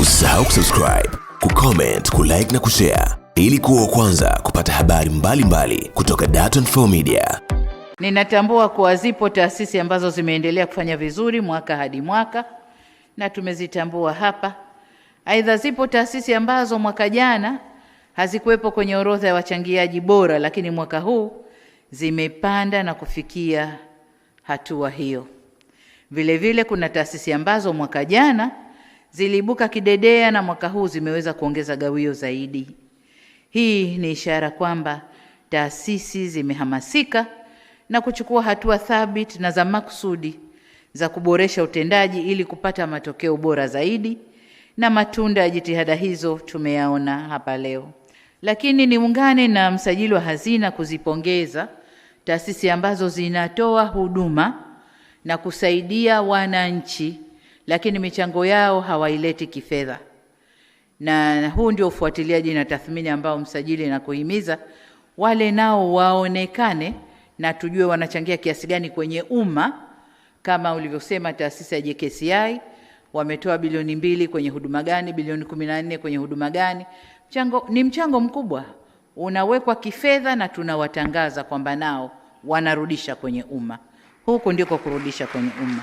Usisahau kusubscribe, kucomment, kulike na kushare ili kuwa kwanza kupata habari mbalimbali mbali kutoka Dar24 Media. Ninatambua kuwa zipo taasisi ambazo zimeendelea kufanya vizuri mwaka hadi mwaka na tumezitambua hapa. Aidha, zipo taasisi ambazo mwaka jana hazikuwepo kwenye orodha ya wachangiaji bora, lakini mwaka huu zimepanda na kufikia hatua hiyo. Vile vile kuna taasisi ambazo mwaka jana ziliibuka kidedea na mwaka huu zimeweza kuongeza gawio zaidi. Hii ni ishara kwamba taasisi zimehamasika na kuchukua hatua thabiti na za makusudi za kuboresha utendaji ili kupata matokeo bora zaidi, na matunda ya jitihada hizo tumeyaona hapa leo. Lakini niungane na msajili wa hazina kuzipongeza taasisi ambazo zinatoa huduma na kusaidia wananchi lakini michango yao hawaileti kifedha. Na huu ndio ufuatiliaji na tathmini ambao msajili na kuhimiza wale nao waonekane na tujue wanachangia kiasi gani kwenye umma. Kama ulivyosema, taasisi ya JKCI wametoa bilioni mbili kwenye huduma gani? Bilioni kumi na nne kwenye huduma gani? Mchango, ni mchango mkubwa unawekwa kifedha, na tunawatangaza kwamba nao wanarudisha kwenye umma. Huku ndiko kurudisha kwenye umma.